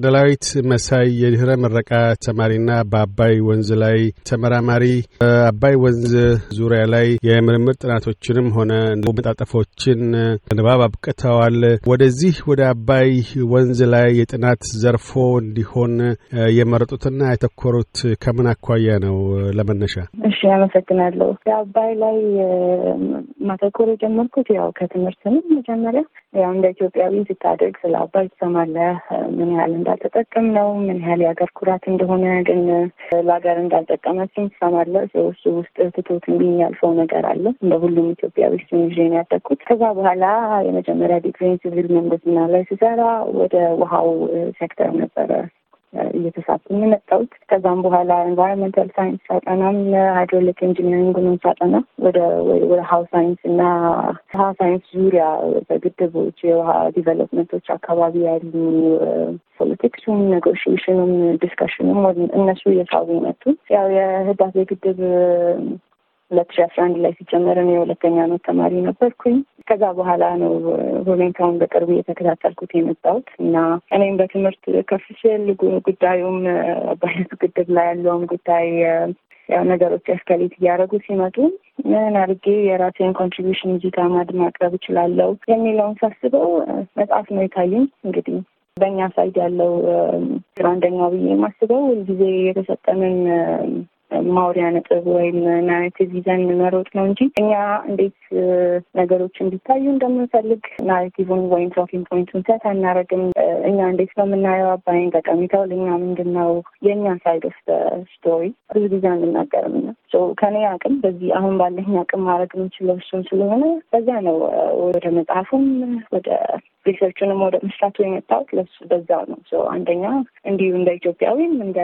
መቅደላዊት መሳይ የድህረ ምረቃ ተማሪና በአባይ ወንዝ ላይ ተመራማሪ፣ በአባይ ወንዝ ዙሪያ ላይ የምርምር ጥናቶችንም ሆነ መጣጠፎችን ንባብ አብቅተዋል። ወደዚህ ወደ አባይ ወንዝ ላይ የጥናት ዘርፎ እንዲሆን የመረጡትና ያተኮሩት ከምን አኳያ ነው? ለመነሻ እሺ፣ አመሰግናለሁ። የአባይ ላይ ማተኮር የጀመርኩት ያው ከትምህርት ነው። መጀመሪያ ያው እንደ ኢትዮጵያዊ ስታደግ ስለ አባይ ትሰማለህ ምን ያህል እንዳልተጠቀም ነው ምን ያህል የሀገር ኩራት እንደሆነ ግን ለሀገር እንዳልጠቀመችን ይሰማለ እሱ ውስጥ ትቶት የሚያልፈው ነገር አለ። እንደ ሁሉም ኢትዮጵያ ውስጥ ይዤ ነው ያደግኩት። ከዛ በኋላ የመጀመሪያ ዲግሪን ሲቪል ምህንድስና ላይ ሲሰራ ወደ ውሃው ሴክተር ነበረ እየተሳትኩ የመጣሁት። ከዛም በኋላ ኤንቫይሮንመንታል ሳይንስ ሳጠናም ሃይድሮሊክ ኢንጂኒሪንግ ኢንጂነሪንግን ሳጠና ወደ ወደ ሀው ሳይንስ እና ውሃ ሳይንስ ዙሪያ በግድቦች የውሃ ዲቨሎፕመንቶች አካባቢ ያሉ ፖለቲክሱም፣ ኔጎሽሽኑም፣ ዲስካሽኑም እነሱ እየሳቡ መጡ። ያው የህዳሴ ግድብ ሁለት ሺ አስራ አንድ ላይ ሲጀመር እኔ የሁለተኛ ዓመት ተማሪ ነበርኩኝ። ከዛ በኋላ ነው ሁኔታውን በቅርቡ እየተከታተልኩት የመጣሁት እና እኔም በትምህርት ከፍ ጉዳዩም በአይነቱ ግድብ ላይ ያለውም ጉዳይ ያው ነገሮች ያስከሊት እያደረጉ ሲመጡ ምን አድርጌ የራሴን ኮንትሪቢሽን እዚህ ጋር ማቅረብ እችላለሁ የሚለውን ሳስበው መጽሐፍ ነው የታየኝ። እንግዲህ በእኛ ሳይድ ያለው ስራ አንደኛው ብዬ የማስበው ሁልጊዜ የተሰጠንን ማውሪያ ነጥብ ወይም ናሬቲቭ ይዘን መሮጥ ነው እንጂ እኛ እንዴት ነገሮች እንዲታዩ እንደምንፈልግ ናሬቲቭን ወይም ቶኪንግ ፖይንቱን ሰት አናረግም። እኛ እንዴት ነው የምናየው አባይን፣ ጠቀሜታው ለእኛ ምንድን ነው፣ የእኛ ሳይድ ኦፍ ስቶሪ ብዙ ጊዜ አንናገርም። ከኔ አቅም በዚህ አሁን ባለኝ አቅም ማድረግ የምችለው እሱን ስለሆነ በዛ ነው ወደ መጽሐፉም ወደ ሪሰርቹንም ወደ መስራቱ የመጣሁት ለሱ በዛው ነው። አንደኛ እንዲሁ እንደ ኢትዮጵያዊም እንደ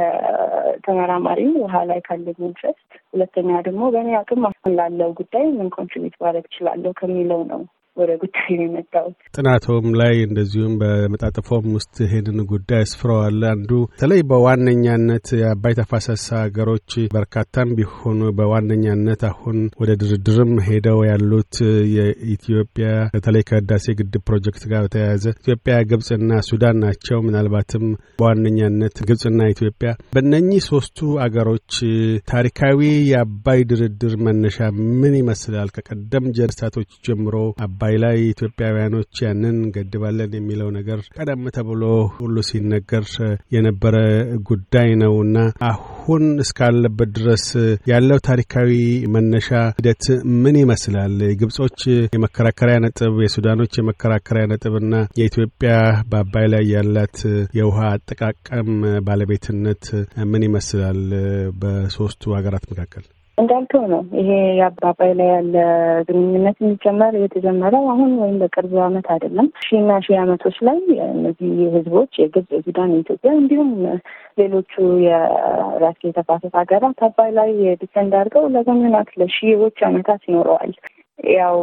ተመራማሪም ውሃ ላይ እስከምፈልጉ ኢንትረስት፣ ሁለተኛ ደግሞ በእኔ አቅም አሁን ላለው ጉዳይ ምን ኮንትሪቢዩት ማድረግ እችላለሁ ከሚለው ነው ወደ ጉዳይ ነው የመጣሁት። ጥናቶም ላይ እንደዚሁም በመጣጥፎም ውስጥ ይህንን ጉዳይ አስፍረዋል። አንዱ በተለይ በዋነኛነት የአባይ ተፋሰስ ሀገሮች በርካታም ቢሆኑ በዋነኛነት አሁን ወደ ድርድርም ሄደው ያሉት የኢትዮጵያ በተለይ ከህዳሴ ግድብ ፕሮጀክት ጋር በተያያዘ ኢትዮጵያ፣ ግብጽና ሱዳን ናቸው። ምናልባትም በዋነኛነት ግብጽና ኢትዮጵያ በእነኚህ ሶስቱ አገሮች ታሪካዊ የአባይ ድርድር መነሻ ምን ይመስላል? ከቀደም ጀርሳቶች ጀምሮ አባይ ላይ ኢትዮጵያውያኖች ያንን ገድባለን የሚለው ነገር ቀደም ተብሎ ሁሉ ሲነገር የነበረ ጉዳይ ነው እና አሁን እስካለበት ድረስ ያለው ታሪካዊ መነሻ ሂደት ምን ይመስላል? የግብጾች የመከራከሪያ ነጥብ፣ የሱዳኖች የመከራከሪያ ነጥብ እና የኢትዮጵያ በአባይ ላይ ያላት የውሃ አጠቃቀም ባለቤትነት ምን ይመስላል በሶስቱ ሀገራት መካከል? እንዳልከው ነው። ይሄ የአባባይ ላይ ያለ ግንኙነት የሚጀመር የተጀመረው አሁን ወይም በቅርብ ዓመት አይደለም። ሺና ሺህ ዓመቶች ላይ እነዚህ ህዝቦች የግብ የሱዳን፣ የኢትዮጵያ እንዲሁም ሌሎቹ የራስ የተፋሰስ ሀገራት አባይ ላይ ዲፔንድ አድርገው ለዘመናት ለሺዎች ዓመታት ይኖረዋል። ያው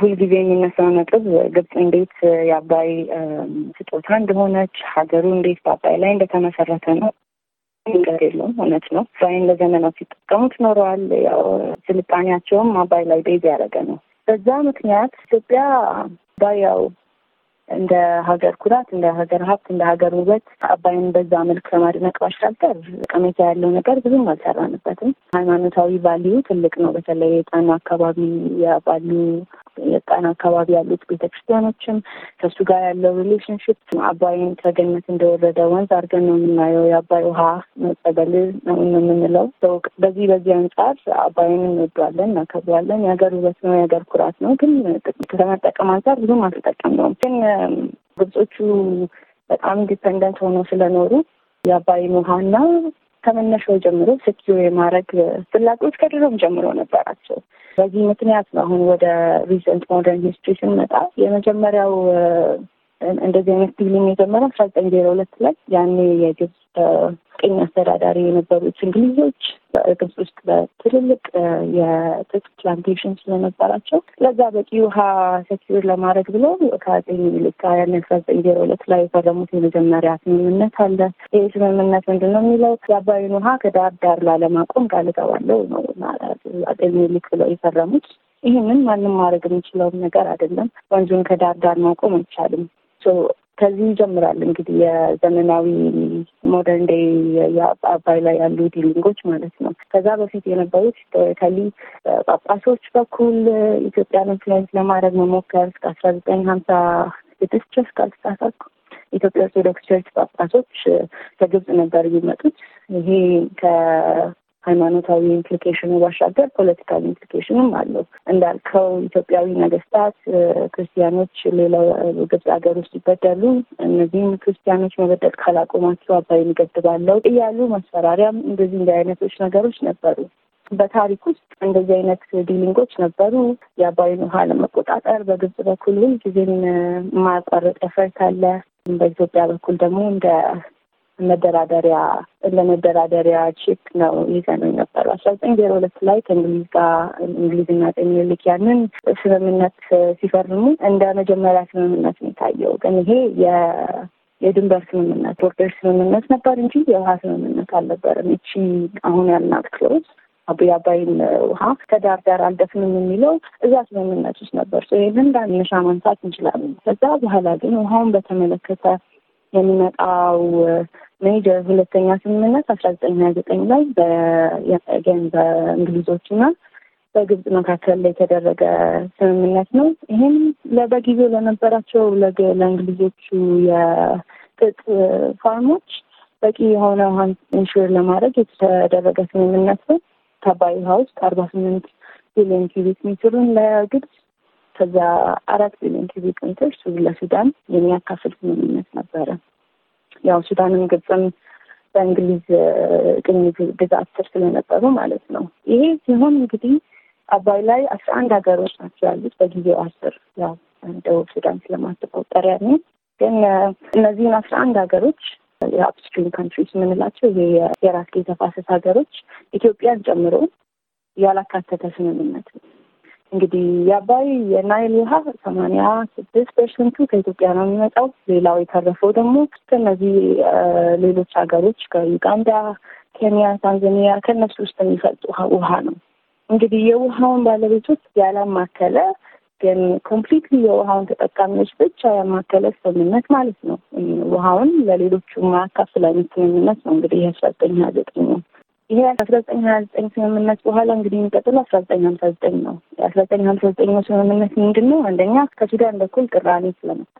ሁልጊዜ የሚነሳው ነጥብ ግብጽ እንዴት የአባይ ስጦታ እንደሆነች ሀገሩ እንዴት በአባይ ላይ እንደተመሰረተ ነው። መንገድ የለውም። እውነት ነው። አባይን ለዘመናት ሲጠቀሙት ኖረዋል። ያው ስልጣኔያቸውም አባይ ላይ ቤዝ ያደረገ ነው። በዛ ምክንያት ኢትዮጵያ ባያው እንደ ሀገር ኩራት፣ እንደ ሀገር ሀብት፣ እንደ ሀገር ውበት አባይን በዛ መልክ ከማድነቅ ባሻገር ጠቀሜታ ያለው ነገር ብዙም አልሰራንበትም። ሃይማኖታዊ ቫሊዩ ትልቅ ነው። በተለይ የጣና አካባቢ ባሉ የጣና አካባቢ ያሉት ቤተክርስቲያኖችም ከሱ ጋር ያለው ሪሌሽንሽፕ አባይን ከገነት እንደወረደ ወንዝ አድርገን ነው የምናየው። የአባይ ውሃ መጸበል ነው የምንለው። በዚህ በዚህ አንጻር አባይን እንወዷለን፣ እናከብሯለን። የሀገር ውበት ነው፣ የሀገር ኩራት ነው። ግን ከመጠቀም አንጻር ብዙም ነው። ግን ግብጾቹ በጣም ኢንዲፐንደንት ሆነው ስለኖሩ የአባይን ውሃና ከመነሻው ጀምሮ ስኪው የማድረግ ፍላጎት ከድሮም ጀምሮ ነበራቸው። በዚህ ምክንያት ነው አሁን ወደ ሪሰንት ሞደርን ሂስትሪ ስንመጣ የመጀመሪያው እንደዚህ አይነት ፊልም የጀመረው አስራ ዘጠኝ ዜሮ ሁለት ላይ ያኔ የግብፅ ቅኝ አስተዳዳሪ የነበሩት እንግሊዞች ግብፅ ውስጥ በትልልቅ የጥጥ ፕላንቴሽን ስለነበራቸው ለዛ በቂ ውሃ ሴኪር ለማድረግ ብለው ከአጼ ሚኒሊክ ጋር ያኔ አስራ ዘጠኝ ዜሮ ሁለት ላይ የፈረሙት የመጀመሪያ ስምምነት አለ። ይህ ስምምነት ምንድን ነው የሚለው የአባይን ውሃ ከዳር ዳር ላለማቆም ቃል እገባለሁ ነው አጼ ሚኒሊክ ብለው የፈረሙት። ይህንን ማንም ማድረግ የሚችለውም ነገር አይደለም። ወንዙን ከዳር ዳር ማቆም አይቻልም። ከዚህ ይጀምራል እንግዲህ የዘመናዊ ሞደርን ዴይ አባይ ላይ ያሉ ዲሊንጎች ማለት ነው። ከዛ በፊት የነበሩት ሂስቶሪካሊ ጳጳሶች በኩል ኢትዮጵያን ኢንፍሉዌንስ ለማድረግ መሞከር እስከ አስራ ዘጠኝ ሀምሳ ስድስት ድረስ ካልተሳሳትኩ ኢትዮጵያ ኦርቶዶክስ ቸርች ጳጳሶች ከግብጽ ነበር የሚመጡት። ይሄ ሃይማኖታዊ ኢምፕሊኬሽኑ ባሻገር ፖለቲካዊ ኢምፕሊኬሽንም አለው። እንዳልከው ኢትዮጵያዊ ነገስታት ክርስቲያኖች ሌላው ግብጽ ሀገር ውስጥ ይበደሉ፣ እነዚህም ክርስቲያኖች መበደል ካላቆማቸው አባይን እገድባለሁ እያሉ ማስፈራሪያም እንደዚህ እንደ አይነቶች ነገሮች ነበሩ። በታሪክ ውስጥ እንደዚህ አይነት ዲሊንጎች ነበሩ። የአባይን ውሃ ለመቆጣጠር በግብጽ በኩል ሁል ጊዜም የማያቋርጥ ኤፈርት አለ። በኢትዮጵያ በኩል ደግሞ እንደ መደራደሪያ ለመደራደሪያ ቼክ ነው ይዘነው የነበረው አስራ ዘጠኝ ዜሮ ሁለት ላይ ከእንግሊዝ ጋር እንግሊዝና አፄ ያንን ስምምነት ሲፈርሙ እንደ መጀመሪያ ስምምነት ነው የታየው። ግን ይሄ የድንበር ስምምነት ቦርደር ስምምነት ነበር እንጂ የውሃ ስምምነት አልነበረም። እቺ አሁን ያልናት ክሎዝ የአባይን ውሃ ከዳር ዳር አልደፍንም የሚለው እዛ ስምምነት ውስጥ ነበር። ይህንን እንዳነሻ ማንሳት እንችላለን። ከዛ በኋላ ግን ውሃውን በተመለከተ የሚመጣው ሜጀር ሁለተኛ ስምምነት አስራ ዘጠኝ ሀያ ዘጠኝ ላይ በገን በእንግሊዞች እና በግብጽ መካከል ላይ የተደረገ ስምምነት ነው። ይህም በጊዜው ለነበራቸው ለእንግሊዞቹ የጥጥ ፋርሞች በቂ የሆነ ውሃን ኢንሹር ለማድረግ የተደረገ ስምምነት ነው። ከአባይ ውሃ ውስጥ አርባ ስምንት ቢሊዮን ኪቢክ ሜትሩን ለግብጽ ከዛ አራት ቢሊዮን ኪቢክ ሜትር ሱዝ ለሱዳን የሚያካፍል ስምምነት ነበረ። ያው ሱዳንም ግብፅም በእንግሊዝ ቅኝ ግዛት ስር ስለነበሩ ማለት ነው። ይሄ ሲሆን እንግዲህ አባይ ላይ አስራ አንድ ሀገሮች ናቸው ያሉት በጊዜው አስር ያው ደቡብ ሱዳን ስለማትቆጠር ያኔ ግን እነዚህን አስራ አንድ ሀገሮች የአፕስትሪም ካንትሪስ የምንላቸው የራስ ተፋሰስ ሀገሮች ኢትዮጵያን ጨምሮ ያላካተተ ስምምነት ነው። እንግዲህ የአባይ የናይል ውሃ ሰማንያ ስድስት ፐርሰንቱ ከኢትዮጵያ ነው የሚመጣው። ሌላው የተረፈው ደግሞ ከነዚህ ሌሎች ሀገሮች ከዩጋንዳ፣ ኬንያ፣ ታንዛኒያ ከነሱ ውስጥ የሚፈልጡ ውሃ ነው። እንግዲህ የውሃውን ባለቤቶች ያላማከለ ግን ኮምፕሊትሊ የውሃውን ተጠቃሚዎች ብቻ ያማከለ ስምምነት ማለት ነው። ውሃውን ለሌሎቹ ማካፈል አይነት ስምምነት ነው እንግዲህ የአስራ ዘጠኝ ዘጠኝ ነው ይሄ አስራ ዘጠኝ ሀያ ዘጠኝ ስምምነት በኋላ እንግዲህ የሚቀጥለው አስራ ዘጠኝ ሀምሳ ዘጠኝ ነው። የአስራ ዘጠኝ ሀምሳ ዘጠኛው ስምምነት ምንድን ነው? አንደኛ ከሱዳን በኩል ቅራኔ ስለመጣ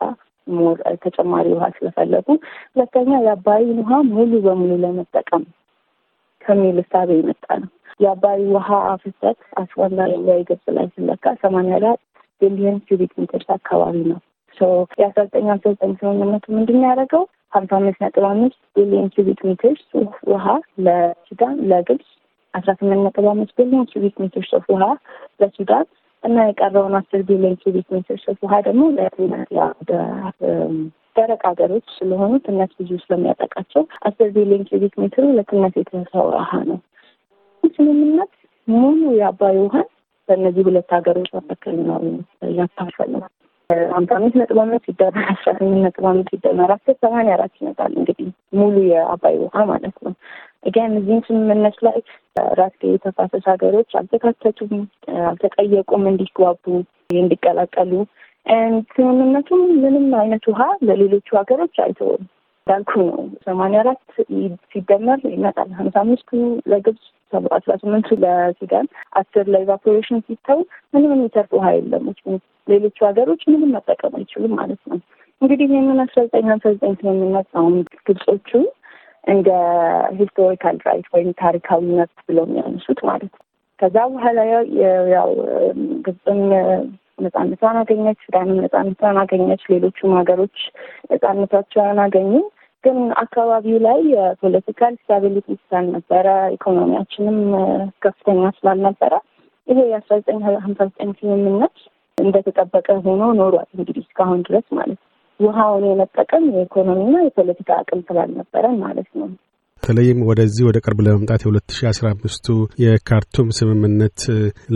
ሞር ተጨማሪ ውሃ ስለፈለጉ፣ ሁለተኛ የአባይን ውሃ ሙሉ በሙሉ ለመጠቀም ከሚል እሳቤ የመጣ ነው። የአባይ ውሃ ፍሰት አስዋና ላይ ግብጽ ላይ ስለካ ሰማንያ አራት ቢሊዮን ኪቢክ ሜትርስ አካባቢ ነው። የአስራ ዘጠኝ ሀምሳ ዘጠኝ ስምምነቱ ምንድን ነው ያደረገው? ሀምሳ አምስት ነጥብ አምስት ቢሊዮን ኪቢክ ሜትር ሱፍ ውሃ ለሱዳን፣ ለግብጽ አስራ ስምንት ነጥብ አምስት ቢሊዮን ኪቢክ ሜትር ሱፍ ውሃ ለሱዳን እና የቀረውን አስር ቢሊዮን ኪቢክ ሜትር ሱፍ ውሃ ደግሞ ደረቅ ሀገሮች ስለሆኑ ትነት ብዙ ስለሚያጠቃቸው አስር ቢሊዮን ኪቢክ ሜትሩ ለትነት የተሰው ውሃ ነው። ስምምነት ሙሉ የአባይ ውሃን በእነዚህ ሁለት ሀገሮች መካከል ነው ያካፈል አምሳ አምስት ነጥብ አምስት ሲደመር አስራ ስምንት ነጥብ አምስት ሲደመር አስር ሰማንያ አራት ይመጣል። እንግዲህ ሙሉ የአባይ ውሃ ማለት ነው። እገን እዚህም ስምምነት ላይ ራስ የተፋሰስ ሀገሮች አልተካተቱም፣ አልተጠየቁም እንዲግባቡ እንዲቀላቀሉ ስምምነቱም ምንም አይነት ውሃ ለሌሎቹ ሀገሮች አይተውም። እንዳልኩ ነው። ሰማንያ አራት ሲደመር ይመጣል ሀምሳ አምስቱ ለግብጽ አስራ ስምንቱ ለሱዳን አስር ለኢቫፖሬሽን ሲተው ምንም የሚተርፍ ውሀ የለም። ሌሎቹ ሀገሮች ምንም መጠቀም አይችሉም ማለት ነው። እንግዲህ ይህንን አስራ ዘጠኝ አስራ ዘጠኝ ስለሚመጣው ግብጾቹ እንደ ሂስቶሪካል ራይት ወይም ታሪካዊ መብት ብለው የሚያነሱት ማለት ነው። ከዛ በኋላ ያው ግብፅም ነጻነቷን አገኘች፣ ሱዳንም ነጻነቷን አገኘች፣ ሌሎቹም ሀገሮች ነጻነታቸውን አገኙ። ግን አካባቢው ላይ የፖለቲካል ስታቢሊቲ ስላልነበረ ኢኮኖሚያችንም ከፍተኛ ስላልነበረ ይሄ የአስራ ዘጠኝ ሀምሳ ዘጠኝ ስምምነት እንደተጠበቀ ሆኖ ኖሯል። እንግዲህ እስካሁን ድረስ ማለት ነው። ውሃውን የመጠቀም የኢኮኖሚና የፖለቲካ አቅም ስላልነበረን ማለት ነው። በተለይም ወደዚህ ወደ ቅርብ ለመምጣት የ2015ቱ የካርቱም ስምምነት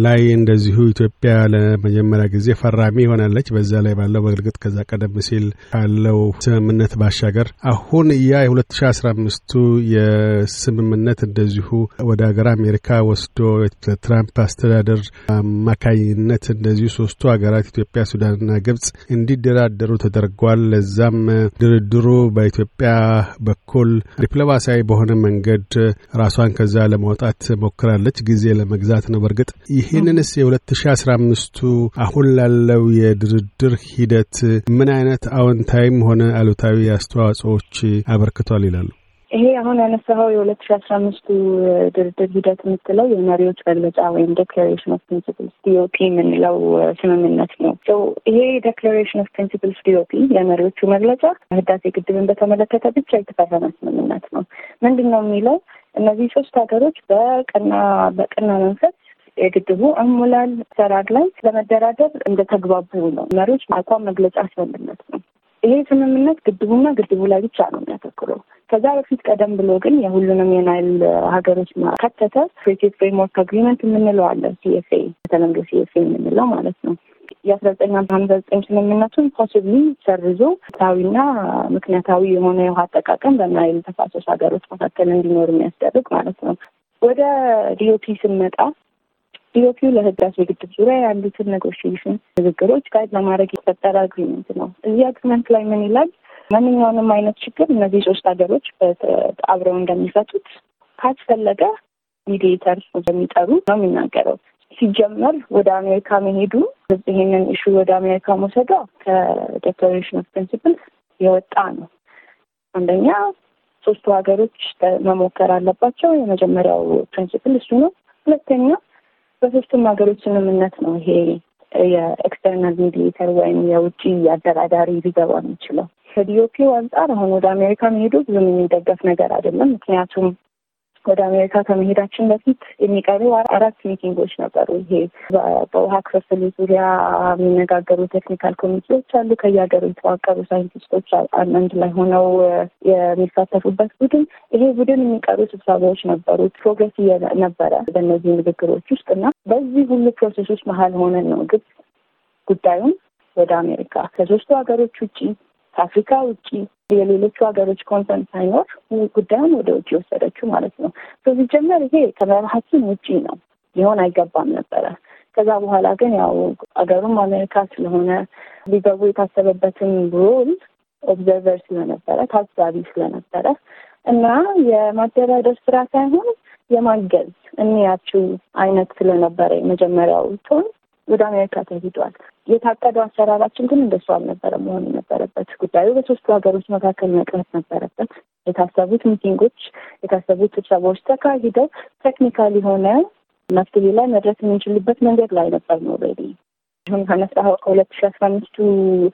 ላይ እንደዚሁ ኢትዮጵያ ለመጀመሪያ ጊዜ ፈራሚ ይሆናለች። በዛ ላይ ባለው በእርግጥ ከዛ ቀደም ሲል ካለው ስምምነት ባሻገር አሁን ያ የ2015ቱ የስምምነት እንደዚሁ ወደ ሀገር አሜሪካ ወስዶ ትራምፕ አስተዳደር አማካኝነት እንደዚሁ ሶስቱ ሀገራት ኢትዮጵያ፣ ሱዳንና ግብጽ እንዲደራደሩ ተደርጓል። ለዛም ድርድሩ በኢትዮጵያ በኩል ዲፕሎማሲያዊ በሆነ መንገድ ራሷን ከዛ ለማውጣት ሞክራለች፣ ጊዜ ለመግዛት ነው። በእርግጥ ይህንንስ የ2015ቱ አሁን ላለው የድርድር ሂደት ምን አይነት አዎንታዊም ሆነ አሉታዊ አስተዋጽኦዎች አበርክቷል ይላሉ? ይሄ አሁን ያነሳኸው የሁለት ሺ አስራ አምስቱ ድርድር ሂደት የምትለው የመሪዎች መግለጫ ወይም ዴክላሬሽን ኦፍ ፕሪንሲፕልስ ዲኦፒ የምንለው ስምምነት ነው። ይሄ ዴክላሬሽን ኦፍ ፕሪንሲፕልስ ዲኦፒ የመሪዎቹ መግለጫ ህዳሴ ግድብን በተመለከተ ብቻ የተፈረመ ስምምነት ነው። ምንድን ነው የሚለው? እነዚህ ሶስት ሀገሮች በቀና በቀና መንፈስ የግድቡ አሞላል ሰራር ላይ ለመደራደር እንደተግባቡ ነው። መሪዎች አቋም መግለጫ ስምምነት ነው። ይሄ ስምምነት ግድቡና ግድቡ ላይ ብቻ ነው የሚያተኩረው። ከዛ በፊት ቀደም ብሎ ግን የሁሉንም የናይል ሀገሮች ከተተ ፍሬቴት ፍሬምወርክ አግሪመንት የምንለው አለ። ሲኤፍኤ በተለምዶ ሲኤፍኤ የምንለው ማለት ነው። የአስራ ዘጠኝ ሀምሳ ዘጠኝ ስምምነቱን ፖስብሊ ሰርዞ ፍትሐዊና ምክንያታዊ የሆነ የውሃ አጠቃቀም በናይል ተፋሰስ ሀገሮች መካከል እንዲኖር የሚያስደርግ ማለት ነው። ወደ ዲኦፒ ስንመጣ ዲኦፒው ለህዳሴ ግድብ ዙሪያ ያሉትን ኔጎሽዬሽን ንግግሮች ጋይድ ለማድረግ የተፈጠረ አግሪመንት ነው። እዚህ አግሪመንት ላይ ምን ይላል? ማንኛውንም አይነት ችግር እነዚህ ሶስት ሀገሮች አብረው እንደሚፈቱት ካስፈለገ ሚዲተር እንደሚጠሩ ነው የሚናገረው። ሲጀመር ወደ አሜሪካ መሄዱ ይህንን እሹ ወደ አሜሪካ መውሰዷ ከዴክላሬሽን ኦፍ ፕሪንሲፕል የወጣ ነው። አንደኛ ሶስቱ ሀገሮች መሞከር አለባቸው። የመጀመሪያው ፕሪንሲፕል እሱ ነው። ሁለተኛ በሶስቱም ሀገሮች ስምምነት ነው ይሄ የኤክስተርናል ሚዲተር ወይም የውጭ አደራዳሪ ሊገባ የሚችለው። ከዲኦፒው አንጻር አሁን ወደ አሜሪካ መሄዱ ብዙም የሚደገፍ ነገር አይደለም። ምክንያቱም ወደ አሜሪካ ከመሄዳችን በፊት የሚቀሩ አራት ሚቲንጎች ነበሩ። ይሄ በውሃ ክፍፍል ዙሪያ የሚነጋገሩ ቴክኒካል ኮሚቴዎች አሉ። ከየሀገሩ የተዋቀሩ ሳይንቲስቶች አንድ ላይ ሆነው የሚሳተፉበት ቡድን። ይሄ ቡድን የሚቀሩ ስብሰባዎች ነበሩ። ፕሮግረስ ነበረ በእነዚህ ንግግሮች ውስጥ እና በዚህ ሁሉ ፕሮሴሶች መሀል ሆነን ነው ግብጽ ጉዳዩን ወደ አሜሪካ ከሶስቱ ሀገሮች ውጭ ከአፍሪካ ውጭ የሌሎቹ ሀገሮች ኮንሰንት ሳይኖር ጉዳዩን ወደ ውጭ የወሰደችው ማለት ነው። ሲጀመር ይሄ ከመርሃችን ውጪ ነው ሊሆን አይገባም ነበረ። ከዛ በኋላ ግን ያው አገሩም አሜሪካ ስለሆነ ሊገቡ የታሰበበትን ሩል ኦብዘርቨር ስለነበረ ታዛቢ ስለነበረ እና የማደራደር ስራ ሳይሆን የማገዝ እንያችው አይነት ስለነበረ የመጀመሪያው ቶን ወደ አሜሪካ ተሂዷል። የታቀደው አሰራራችን ግን እንደሱ አልነበረ መሆን የነበረበት። ጉዳዩ በሶስቱ ሀገሮች መካከል መቅረት ነበረበት። የታሰቡት ሚቲንጎች፣ የታሰቡት ስብሰባዎች ተካሂደው ቴክኒካል የሆነ መፍትሄ ላይ መድረስ የምንችልበት መንገድ ላይ ነበር ነው ሬዲ ይሁን ከነሳ ከሁለት ሺ አስራ አምስቱ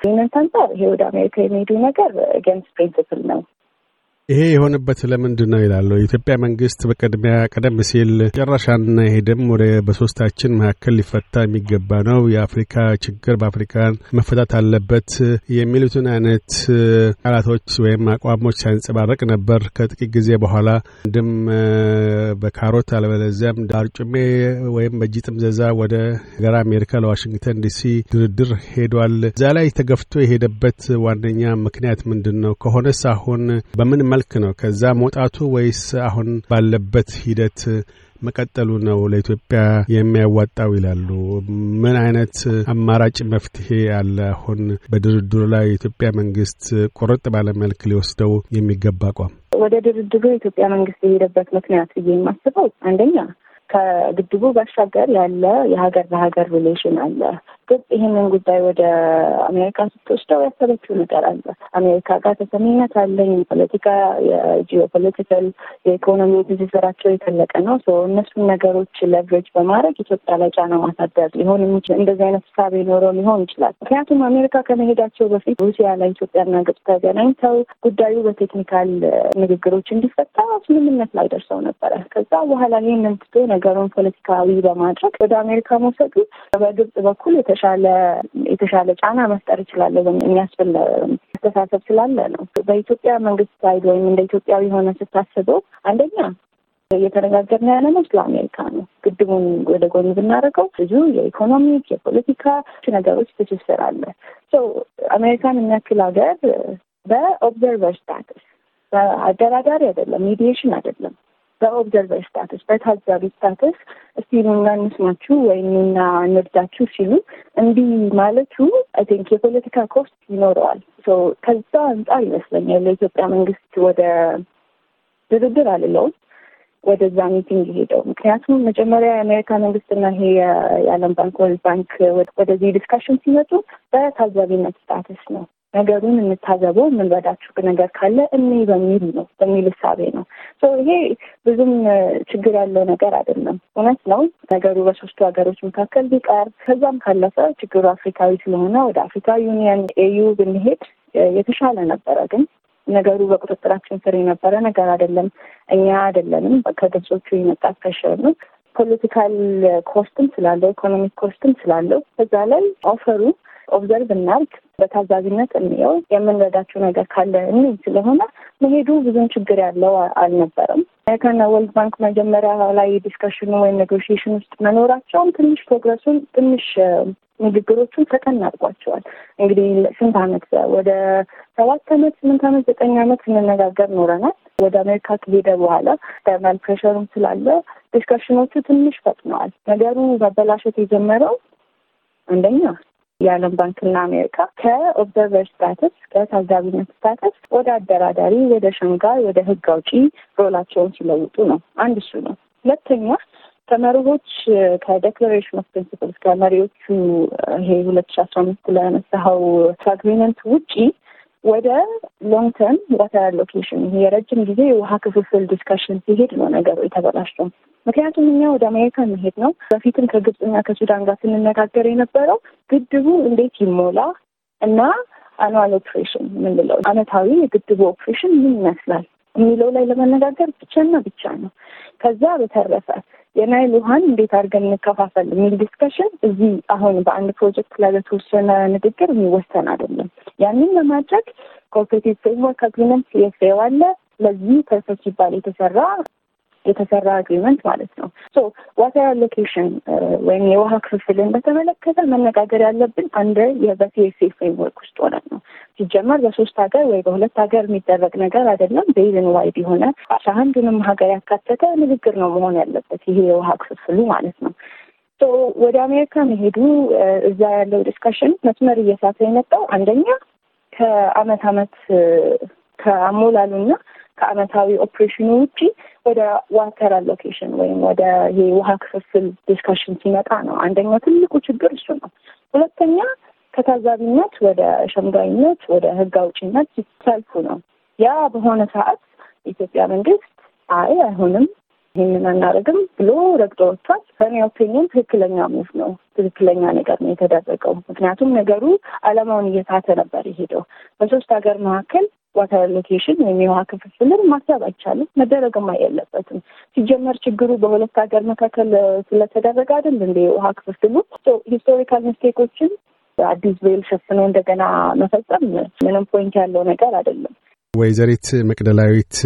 ግንኙነት አንጻር ይሄ ወደ አሜሪካ የሚሄዱ ነገር ገንስ ፕሪንስፕል ነው ይሄ የሆነበት ለምንድን ነው ይላሉ። የኢትዮጵያ መንግስት በቅድሚያ ቀደም ሲል ጨረሻን ሄደም ወደ በሶስታችን መካከል ሊፈታ የሚገባ ነው፣ የአፍሪካ ችግር በአፍሪካን መፈታት አለበት የሚሉትን አይነት ቃላቶች ወይም አቋሞች ሲያንጸባረቅ ነበር። ከጥቂት ጊዜ በኋላ አንድም በካሮት አለበለዚያም ዳርጩሜ ወይም በእጅ ጥምዘዛ ወደ ገራ አሜሪካ ለዋሽንግተን ዲሲ ድርድር ሄዷል። እዛ ላይ ተገፍቶ የሄደበት ዋነኛ ምክንያት ምንድን ነው? ከሆነስ አሁን በምን መልክ ነው? ከዛ መውጣቱ ወይስ አሁን ባለበት ሂደት መቀጠሉ ነው ለኢትዮጵያ የሚያዋጣው ይላሉ? ምን አይነት አማራጭ መፍትሄ አለ? አሁን በድርድሩ ላይ የኢትዮጵያ መንግስት ቁርጥ ባለመልክ ሊወስደው የሚገባ አቋም ወደ ድርድሩ የኢትዮጵያ መንግስት የሄደበት ምክንያት ብዬ የማስበው አንደኛ ከግድቡ ባሻገር ያለ የሀገር ለሀገር ሪሌሽን አለ። ግብጽ ይህንን ጉዳይ ወደ አሜሪካ ስትወስደው ያሰበችው ነገር አለ። አሜሪካ ጋር ተሰሚነት አለኝ፣ የፖለቲካ የጂኦፖለቲካል የኢኮኖሚ ትዝዝራቸው የተለቀ ነው። እነሱን ነገሮች ለቨሬጅ በማድረግ ኢትዮጵያ ላይ ጫና ማሳደር ሊሆን የሚችል እንደዚህ አይነት ሳቤ ኖረው ሊሆን ይችላል። ምክንያቱም አሜሪካ ከመሄዳቸው በፊት ሩሲያ ላይ ኢትዮጵያና ግብጽ ተገናኝተው ጉዳዩ በቴክኒካል ንግግሮች እንዲፈታ ስምምነት ላይ ደርሰው ነበረ። ከዛ በኋላ ይህንን ትቶ ነገሩን ፖለቲካዊ በማድረግ ወደ አሜሪካ መውሰዱ በግብጽ በኩል የተሻለ የተሻለ ጫና መፍጠር ይችላለ የሚያስብል አስተሳሰብ ስላለ ነው። በኢትዮጵያ መንግስት ሳይድ ወይም እንደ ኢትዮጵያዊ የሆነ ስታስበው አንደኛ እየተነጋገርን ያለ ነው ስለ አሜሪካ ነው። ግድቡን ወደ ጎን ብናደርገው ብዙ የኢኮኖሚክ የፖለቲካ ነገሮች ትስስር አለ። አሜሪካን የሚያክል ሀገር በኦብዘርቨር ስታትስ በአደራዳሪ አይደለም፣ ሚዲዬሽን አይደለም በኦብዘርቨር ስታትስ በታዛቢ ስታትስ እስቲ ኑና እንስማችሁ ወይም ኑና እንርዳችሁ ሲሉ እንዲህ ማለቱ አይ ቲንክ የፖለቲካ ኮስት ይኖረዋል። ከዛ አንጻር ይመስለኛል ለኢትዮጵያ መንግስት ወደ ድርድር አልለውም ወደዛ ሚቲንግ ሄደው ምክንያቱም መጀመሪያ የአሜሪካ መንግስትና ይሄ የዓለም ባንክ ወርልድ ባንክ ወደዚህ ዲስካሽን ሲመጡ በታዛቢነት ስታትስ ነው ነገሩን የምታዘበው የምንረዳችሁ ነገር ካለ እኔ በሚል ነው በሚል እሳቤ ነው። ይሄ ብዙም ችግር ያለው ነገር አይደለም። እውነት ነው ነገሩ በሶስቱ ሀገሮች መካከል ቢቀር ከዛም ካለፈ ችግሩ አፍሪካዊ ስለሆነ ወደ አፍሪካ ዩኒየን ኤዩ ብንሄድ የተሻለ ነበረ። ግን ነገሩ በቁጥጥራችን ስር የነበረ ነገር አይደለም። እኛ አይደለንም ከግብጾቹ የመጣ ፕሬሽር ነው። ፖለቲካል ኮስትም ስላለው ኢኮኖሚክ ኮስትም ስላለው በዛ ላይ ኦፈሩ ኦብዘርቭ እናርግ፣ በታዛዥነት እንየው፣ የምንረዳቸው ነገር ካለ እንሂድ ስለሆነ መሄዱ ብዙም ችግር ያለው አልነበረም። ከነ ወርልድ ባንክ መጀመሪያ ላይ ዲስከሽኑ ወይም ኔጎሽሽን ውስጥ መኖራቸውም ትንሽ ፕሮግረሱን ትንሽ ንግግሮቹን ፈጠን አድርጓቸዋል። እንግዲህ ስንት አመት ወደ ሰባት አመት ስምንት አመት ዘጠኝ አመት ስንነጋገር ኖረናል። ወደ አሜሪካ ከሄደ በኋላ ተርማል ፕሬሸሩም ስላለ ዲስከሽኖቹ ትንሽ ፈጥነዋል። ነገሩ መበላሸት የጀመረው አንደኛ የዓለም ባንክና አሜሪካ ከኦብዘርቨር ስታተስ ከታዛቢነት ስታተስ ወደ አደራዳሪ፣ ወደ ሸምጋይ፣ ወደ ህግ አውጪ ሮላቸውን ሲለውጡ ነው። አንድ እሱ ነው። ሁለተኛ ከመርሆች ከዴክሎሬሽን ኦፍ ፕሪንስፕልስ ከመሪዎቹ ይሄ ሁለት ሺ አስራ አምስት ላይ አግሪመንት ውጪ ወደ ሎንግ ተርም ዋተር አሎኬሽን ይሄ የረጅም ጊዜ የውሃ ክፍፍል ዲስካሽን ሲሄድ ነው ነገሩ የተበላሸው። ምክንያቱም እኛ ወደ አሜሪካ መሄድ ነው። በፊትም ከግብፅና ከሱዳን ጋር ስንነጋገር የነበረው ግድቡ እንዴት ይሞላ እና አኑዋል ኦፕሬሽን የምንለው አመታዊ የግድቡ ኦፕሬሽን ምን ይመስላል የሚለው ላይ ለመነጋገር ብቻና ብቻ ነው። ከዛ በተረፈ የናይል ውሃን እንዴት አድርገን እንከፋፈል የሚል ዲስከሽን እዚህ አሁን በአንድ ፕሮጀክት ላይ በተወሰነ ንግግር የሚወሰን አይደለም። ያንን ለማድረግ ኮኦፕሬቲቭ ፍሬምወርክ አግሪመንት ሲኤፍኤው አለ። ለዚህ ፐርፐስ ሲባል የተሰራ የተሰራ አግሪመንት ማለት ነው። ሶ ዋተር አሎኬሽን ወይም የውሃ ክፍፍልን በተመለከተ መነጋገር ያለብን አንድ የበሲኤስኤ ፍሬምወርክ ውስጥ ሆነን ነው። ሲጀመር በሶስት ሀገር ወይ በሁለት ሀገር የሚደረግ ነገር አይደለም። ቤዝን ዋይድ የሆነ አስራ አንዱንም ሀገር ያካተተ ንግግር ነው መሆን ያለበት ይሄ የውሃ ክፍፍሉ ማለት ነው። ወደ አሜሪካ መሄዱ uh, እዛ ያለው ዲስካሽን መስመር እየሳተ የመጣው አንደኛ ከአመት አመት ከአሞላሉ uh, ከአሞላሉና ከአመታዊ ኦፕሬሽኑ ውጪ ወደ ዋተር አሎኬሽን ወይም ወደ የውሃ ክፍፍል ዲስካሽን ሲመጣ ነው። አንደኛው ትልቁ ችግር እሱ ነው። ሁለተኛ ከታዛቢነት ወደ ሸምጋይነት ወደ ህግ አውጪነት ሲሰልፉ ነው። ያ በሆነ ሰዓት የኢትዮጵያ መንግስት አይ አይሆንም ይህንን አናደርግም ብሎ ረግጦ ወጥቷል። በእኔ ኦፒኒየን ትክክለኛ ሙቭ ነው፣ ትክክለኛ ነገር ነው የተደረገው። ምክንያቱም ነገሩ አላማውን እየሳተ ነበር የሄደው በሶስት ሀገር መካከል ዋተር ሎኬሽን ወይም የውሃ ክፍፍልን ማሰብ አይቻልም፣ መደረግም የለበትም። ሲጀመር ችግሩ በሁለት ሀገር መካከል ስለተደረገ አይደል እንደ የውሃ ክፍፍሉ ሂስቶሪካል ሚስቴኮችን አዲስ ቤል ሸፍኖ እንደገና መፈጸም ምንም ፖይንት ያለው ነገር አይደለም። ወይዘሪት መቅደላዊት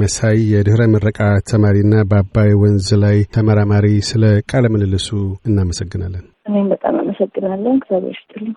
መሳይ የድህረ ምረቃ ተማሪና በአባይ ወንዝ ላይ ተመራማሪ፣ ስለ ቃለ ምልልሱ እናመሰግናለን። እኔም በጣም አመሰግናለን። እግዚአብሔር ይስጥልኝ።